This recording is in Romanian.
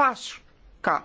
pas ca